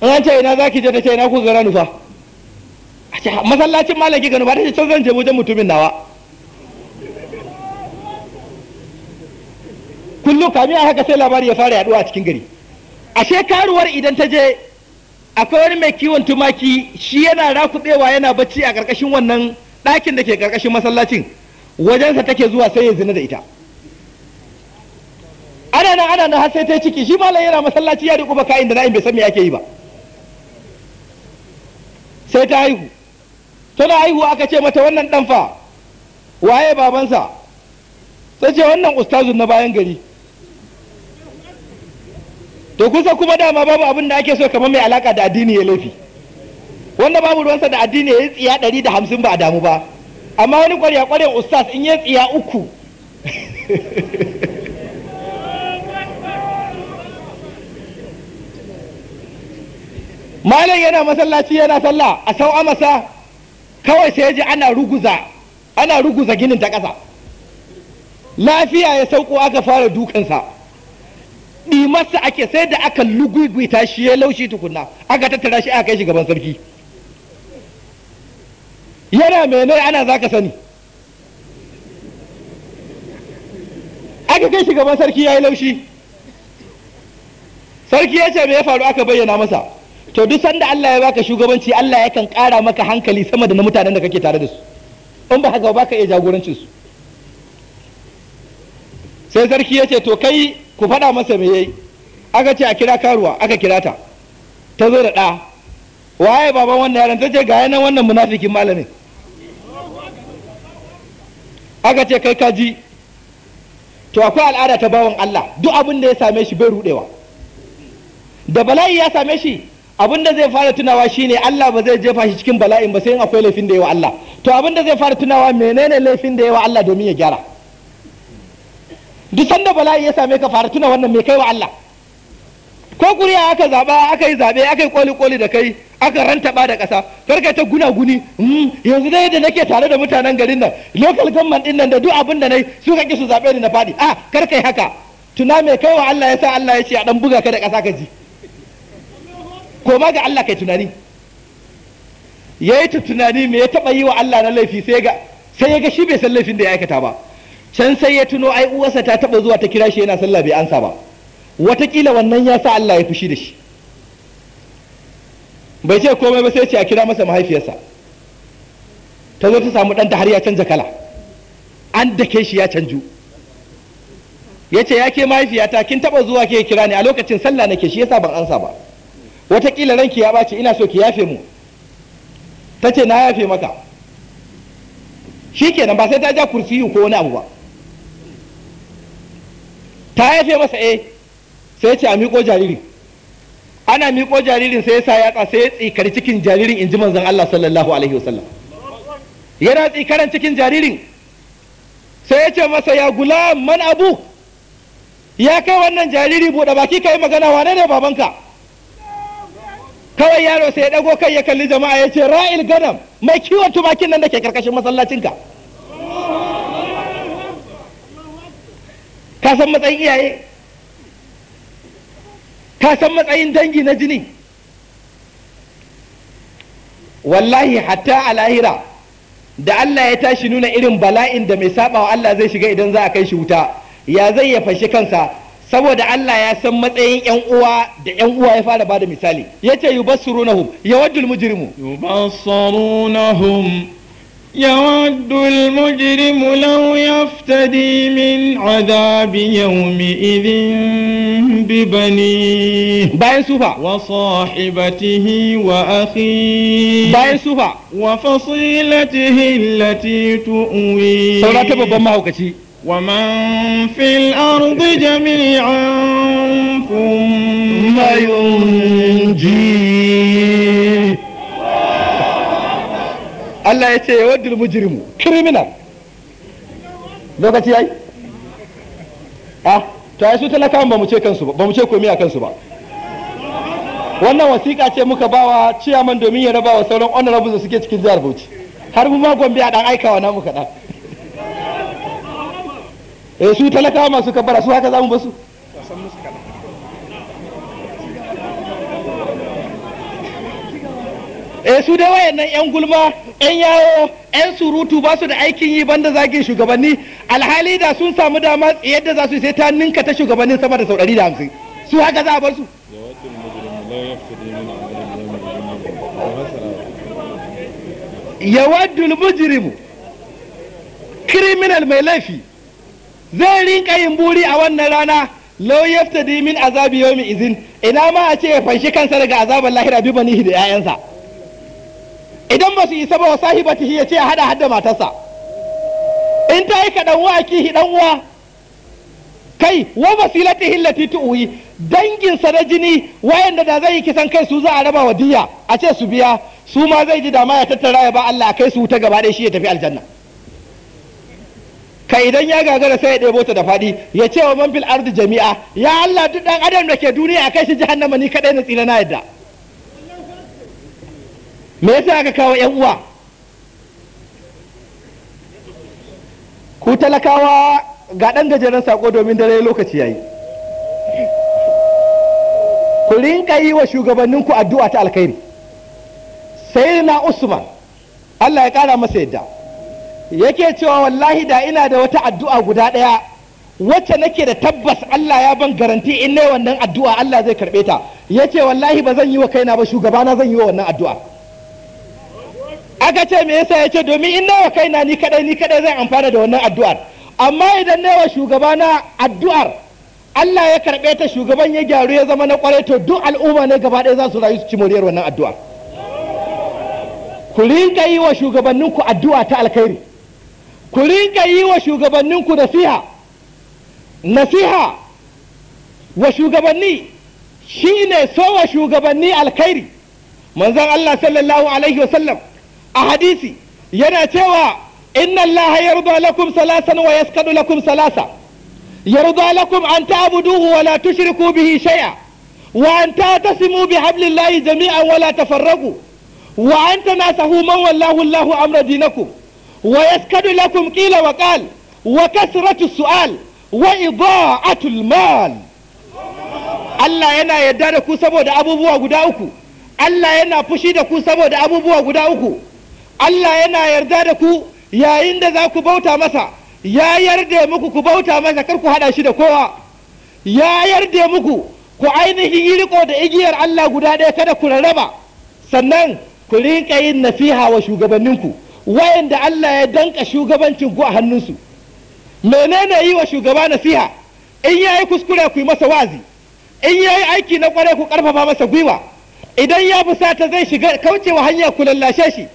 an ce ina zaki je ta ce ina ku gara nufa a ce masallacin malaki ki gano ba ta ce can zan je wajen mutumin nawa kullum kamin a haka sai labari ya fara yaduwa a cikin gari ashe karuwar idan ta je akwai wani mai kiwon tumaki shi yana rakuɗewa yana bacci a ƙarƙashin wannan ɗakin da ke ƙarƙashin masallacin wajensa take zuwa sai ya zina da ita ana nan ana nan har sai ta ciki shi malam yana masallaci ya riƙo baka inda na'in bai san me ake yi ba sai ta haihu tana haihu aka ce mata wannan ɗan waye babansa sai ce wannan ustazun na bayan gari to kusa kuma dama babu abin da ake so kamar mai alaka da addini ya laifi wanda babu ruwansa da addini ya yi tsiya ɗari da hamsin ba a damu ba amma wani kwarya kwarya ustaz in ya tsiya uku [laughs] malam yana masallaci yana sallah a sau amasa kawai sai ya ji ana ruguza ana ruguza ginin ta ƙasa lafiya ya sauko aka fara dukansa masa ake sai da aka lugugwita shi ya laushi tukuna aka tattara shi aka kai shi gaban sarki yana mene ana za ka sani aka kai shi gaban sarki ya yi laushi sarki ya ce me ya faru aka bayyana masa to duk sanda Allah ya baka shugabanci Allah ya kan kara maka hankali sama da na mutanen da kake tare da su in ba haka ba ka iya jagorancin su sai sarki ya ce to kai ku faɗa masa me yayi aka ce a kira karuwa aka kira ta ta zo da ɗa waye baban wannan yaron ta ce ga yanan wannan munafikin malamin aka ce kai kaji to akwai al'ada ta bawan Allah duk abin da ya same shi bai rudewa da bala'i ya same shi abin da zai fara tunawa shine Allah ba zai jefa shi cikin bala'in ba sai in akwai laifin da yawa Allah to abin da zai fara tunawa menene laifin da yawa Allah domin ya gyara duk sanda bala'i ya same ka fara tuna wannan mai kai wa Allah ko kuriya aka zaba aka yi zabe aka yi koli koli da kai aka ba da kasa farka ta guna guni mm, yanzu dai da nake tare da mutanen garin nan local government din nan da duk abin da nayi su kake su zabe ni na fadi a ah, kar kai haka tuna mai kai wa Allah yasa Allah ya ce a dan buga ka da kasa ka ji koma ga Allah kai tunani yayi ta tunani me ya taba yi wa Allah na laifi sai ga sai ya ga shi bai san laifin da ya aikata ba can sai ya tuno ai uwarsa ta taba zuwa ta kira shi yana sallah bai ansa ba watakila wannan ya sa Allah ya fushi da shi bai ce komai ba sai ce a kira masa mahaifiyarsa ta zo ta samu ɗanta har ya canja kala an dake shi ya canju ya ce ya ke mahaifiyata kin taba zuwa ke kira ni a lokacin sallah nake shi yasa ban ansa ba watakila ranki ya ɓace ina so ki yafe mu ta ce na yafe maka shi kenan ba sai ta ja kursiyu ko wani abu ba ta haife masa eh sai ce a miƙo jaririn ana miƙo jaririn sai ya sa yatsa sai ya tsikari cikin jaririn in ji manzon Allah sallallahu alaihi wasallam yana tsikaran cikin jaririn sai ya ce masa ya gula man abu ya kai wannan jariri buɗe baki ka yi magana wane ne babanka kawai yaro sai ya ɗago kai ya kalli jama'a ya ce ra'il ganam mai kiwon tumakin nan da ke karkashin masallacinka ka san matsayin iyaye ka san matsayin dangi na jini wallahi hatta a lahira da Allah ya tashi nuna irin bala'in da mai saba wa Allah zai shiga idan za a kai shi wuta ya zai ya fashe kansa saboda Allah ya san matsayin yan uwa da yan uwa ya fara bada misali yace yubassirunahum yawaddul mujrimu yubassirunahum يود المجرم لو يفتدي من عذاب يومئذ ببنيه باي سوفا وصاحبته وأخيه باي سوفا وفصيلته التي تؤويه ومن في الأرض جميعا ثم ينجيه Allah ya ce ya waddul mujrimu criminal lokaci yayi ah to ai su talaka ba mu ce kansu ba ba mu ce komai a kansu ba wannan wasiƙa ce muka bawa ciyaman domin ya raba wa sauran honorables da suke cikin jihar Bauchi har mu ma Gombe a dan aikawa na muka dan eh su talakawa masu kabara su haka za mu basu eh su dai wayannan yan gulma yan yawo yan surutu ba su da aikin yi banda zagin shugabanni alhali da sun samu dama yadda za su sai ta ninka ta shugabannin sama da sau ɗari da hamsin su haka za a bar su yawaddul mujrimu criminal mai laifi zai rinka yin buri a wannan rana law yaftadi min azabi yawmi izin ina ma a ce ya fanshi kansa daga azabar lahira bi banihi da 'ya'yansa idan ba su isa ba wa ba ya ce hada hada matarsa in ta yi kaɗan wa kihi ɗan uwa kai wa basilati hillati dangin danginsa na jini wayanda da zai yi kisan kai su za a raba wa diya a ce su biya su ma zai ji dama ya tattara ya ba Allah kai su ta gaba ɗaya shi ya tafi aljanna kai idan ya gagara sai ya ɗebo ta da faɗi ya ce wa man fil ardi jami'a ya Allah duk ɗan adam da ke duniya a kai shi jahannama ni kaɗai na tsira na yadda me yasa aka kawo yan uwa ku talakawa ga ɗan gajeren sako domin dare lokaci yayi ku rinka yi wa shugabanninku addu'a ta alkhairi sai na usman allah ya ƙara masa yadda yake cewa wallahi da ina da wata addu'a guda ɗaya wacce nake da tabbas Allah ya ban garanti in ne wannan addu'a Allah zai karɓe ta yace wallahi ba zan yi wa kaina ba shugabana zan yi wa wannan addu'a aka ce me yasa yace domin in nawa kaina ni kadai ni kadai zan amfana da wannan addu'ar amma idan nawa shugaba na addu'ar Allah ya karɓe ta shugaban ya gyaru ya zama na kware to duk al'umma ne gaba ɗaya za su rayu su ci moriyar wannan addu'a ku rinka yi wa shugabanninku addu'a ta alkhairi ku rinka yi wa shugabanninku nasiha nasiha wa shugabanni shine so wa shugabanni alkhairi manzon Allah sallallahu alaihi wasallam a hadisi yana cewa inna Allah yarda lakum salasan wa yaskadu lakum salasa yarda lakum an ta'buduhu wa la tushriku bihi shay'a wa an ta'tasimu bi hablillahi jami'an wa la tafarraqu wa an tanasahu man wallahu Allahu amra dinakum wa yaskadu lakum qila wa qal wa kasratu su'al wa ida'atul mal Allah yana yarda da ku saboda abubuwa guda uku Allah yana fushi da ku saboda abubuwa guda uku Allah yana yarda da ku yayin da za ku bauta masa ya yarda muku ku bauta masa kar ku haɗa shi da kowa ya yarda muku ku ainihin yi riko da igiyar Allah guda ɗaya kada ku rarraba sannan ku rinka yin nasiha wa shugabanninku wayanda Allah ya danka shugabancin ku a hannunsu menene yi wa shugaba nasiha in yayi kuskure ku yi masa wazi in yayi aiki na kware ku ƙarfafa masa gwiwa idan ya fusata zai shiga kauce wa hanya ku lallashe shi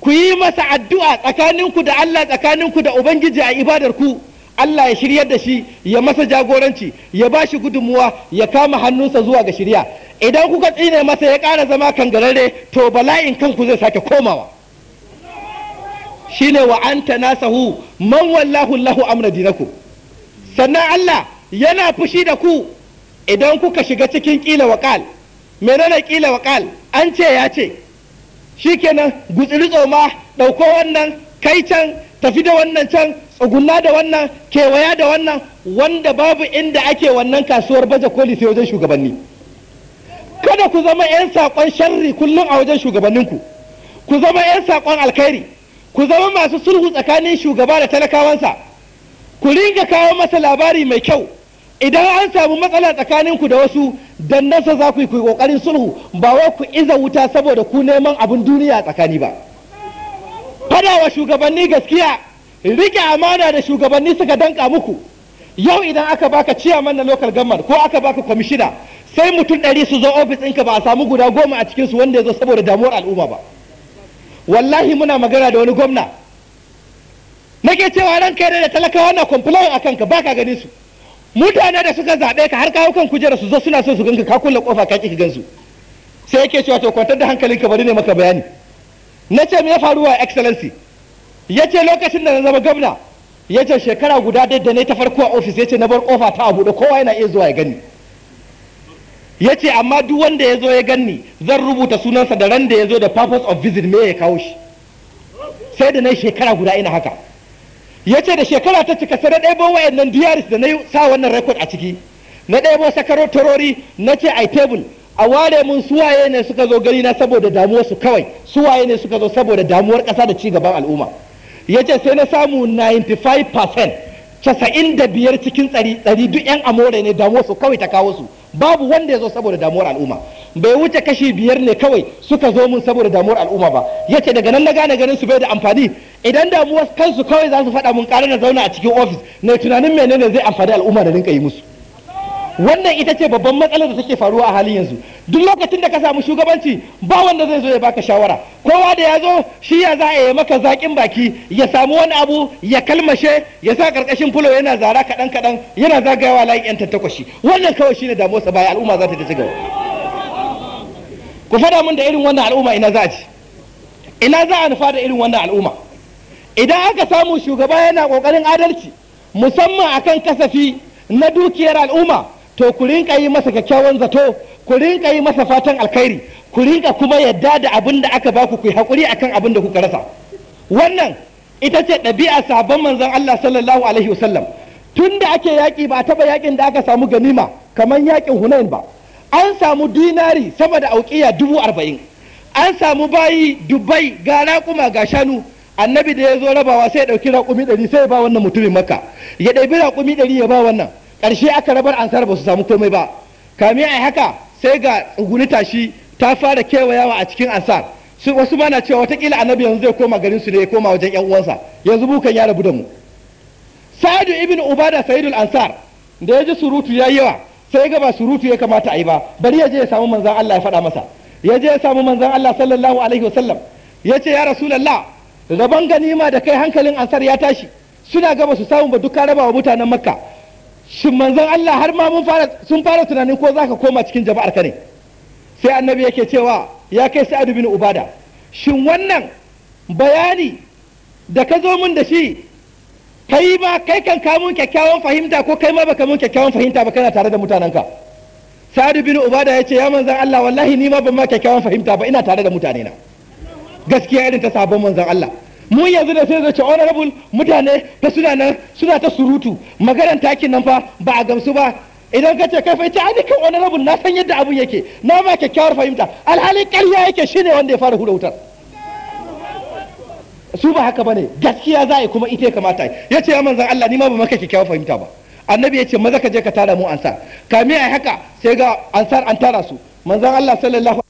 ku yi masa addu'a tsakaninku da Allah tsakaninku da Ubangiji a ibadarku Allah ya shiryar da shi ya masa jagoranci ya ba shi gudunmuwa ya kama hannunsa zuwa ga shirya idan kuka tsine masa ya ƙara zama kan kangararre to bala'in kanku zai sake komawa shine wa anta nasahu man wallahu lahu amra dinakum sannan Allah yana fushi da ku idan kuka shiga cikin kila waqal menene kila waqal an ce ya ce Shi shikenan gutsiri tsoma ɗauko wannan kai can tafi da wannan can tsugunna da wannan kewaya da wannan wanda babu inda ake wannan kasuwar baje koli sai wajen shugabanni kada ku zama 'yan saƙon sharri kullum a wajen shugabanninku ku zama 'yan saƙon alkhairi ku zama masu sulhu tsakanin shugaba da talakawansa ku ringa kawo masa labari mai kyau idan an samu matsala tsakanin ku da wasu dannansa za ku yi kokarin sulhu ba wai ku iza wuta saboda ku neman abin duniya tsakani ba fada wa shugabanni gaskiya rike amana da shugabanni suka danka muku yau idan aka baka ciyaman na local government ko aka baka kwamishina sai mutum ɗari su zo ofis ɗinka ba a samu guda goma a cikinsu wanda ya zo saboda damuwar al'umma ba wallahi muna magana da wani gwamna nake cewa ran ranka da talakawa na complain a kanka baka ganin su mutane da suka zaɓe ka har kawo kan kujera su zo suna son su ganka ka kulle kofa ka kike gansu sai yake cewa to kwantar da hankalin ka bari ne maka bayani na ce me ya faru wa excellency yace lokacin da na zama gwamna yace shekara guda dai da ne ta farko a ofis ya ce na bar kofa ta abu da kowa yana iya zuwa ya gani yace amma duk wanda ya zo ya ganni zan rubuta sunansa da ran da ya zo da purpose of visit me ya kawo shi sai da na shekara guda ina haka ya ce da shekara ta cika sai na ɗebo wayannan diyaris da na yi sa wannan record a ciki na ɗebo sakaro torori na ce ai table a ware mun suwaye ne suka zo gari na saboda damuwar su kawai suwaye ne suka zo saboda damuwar ƙasa da ci gaban al'umma ya ce sai na samu 95% casa'in da biyar cikin tsari tsari duk yan amore ne damuwar su kawai ta kawo su babu wanda ya zo saboda damuwar al'umma bai wuce kashi biyar ne kawai suka zo mun saboda damuwar al'umma ba Ya ce daga nan na gane ganin su bai da amfani idan damuwar kansu kawai za su faɗa mun ƙara na zauna a cikin ofis na tunanin menene zai amfani al'umma da rinka yi musu wannan ita ce babban matsalar da take faruwa a halin yanzu duk lokacin da ka samu shugabanci ba wanda zai zo ya baka shawara kowa da ya zo shi ya za a yi maka zaƙin baki ya samu wani abu ya kalmashe ya sa ƙarƙashin fulo yana zara kaɗan kaɗan yana zagayawa layin yan tattakwashi wannan kawai shine damuwarsa baya al'umma za ta ta cigaba ku faɗa min da irin wannan al'umma ina za a ci ina za a nufa da irin wannan al'umma idan aka samu shugaba yana ƙoƙarin adalci musamman akan kasafi na dukiyar al'umma to ku rinka yi masa kyakkyawan zato ku rinka yi masa fatan alkhairi ku rinka kuma yadda da abin da aka baku ku yi hakuri akan abin da kuka rasa wannan ita ce ɗabi'a sabon manzon Allah sallallahu alaihi wasallam tun da ake yaƙi ba a taɓa yaƙin da aka samu ganima kamar yaƙin Hunain ba an samu dinari sama da auƙiya dubu arba'in an samu bayi dubai ga raƙuma ga shanu annabi da ya zo rabawa sai ya ɗauki raƙumi ɗari sai ya ba wannan mutumin maka ya ɗabi raƙumi ɗari ya ba wannan ƙarshe aka rabar ansar ba su samu komai ba kame a haka sai ga tsuguni tashi ta fara kewayawa a cikin ansar su wasu ma na cewa watakila annabi yanzu zai koma garin su ne ya koma wajen yan uwansa yanzu bukan ya rabu da mu sa'adu ibn ubada sayyidul ansar da ya ji surutu ya yawa sai ga ba surutu ya kamata a yi ba bari ya je ya samu manzan Allah ya faɗa masa ya je ya samu manzan Allah sallallahu alaihi wasallam ya ce ya rasulullah rabon ganima da kai hankalin ansar ya tashi suna gaba su samu ba duka rabawa mutanen makka shin manzon Allah har ma sun fara tunanin ko za ka koma cikin jama'ar ka ne sai annabi yake cewa ya kai Sa'adu bin ubada shin wannan bayani da ka zo mun da shi kai ma kai kan ka kyakkyawan fahimta ko kai ma baka mun kyakkyawan fahimta ba kana tare da mutanenka Sa'adu bin ubada ya ce ya manzon Allah wallahi ni ma ban ma kyakkyawan fahimta ba ina tare da mutanena. gaskiya irin ta sabon manzon Allah mu yanzu da sai zace rabul mutane ta suna nan suna ta surutu maganar takin nan fa ba a gamsu ba idan ka ce kai fa ita ani kan rabul na san yadda abun yake na ma kyakkyawar fahimta alhali ƙarya yake shine wanda ya fara hura wutar su ba haka bane gaskiya za a kuma ita kamata ya ce ya manzan Allah ni ma ba maka kyakkyawar fahimta ba annabi ya ce maza ka je ka tara mu ansar kame a haka sai ga ansar an tara su manzan Allah sallallahu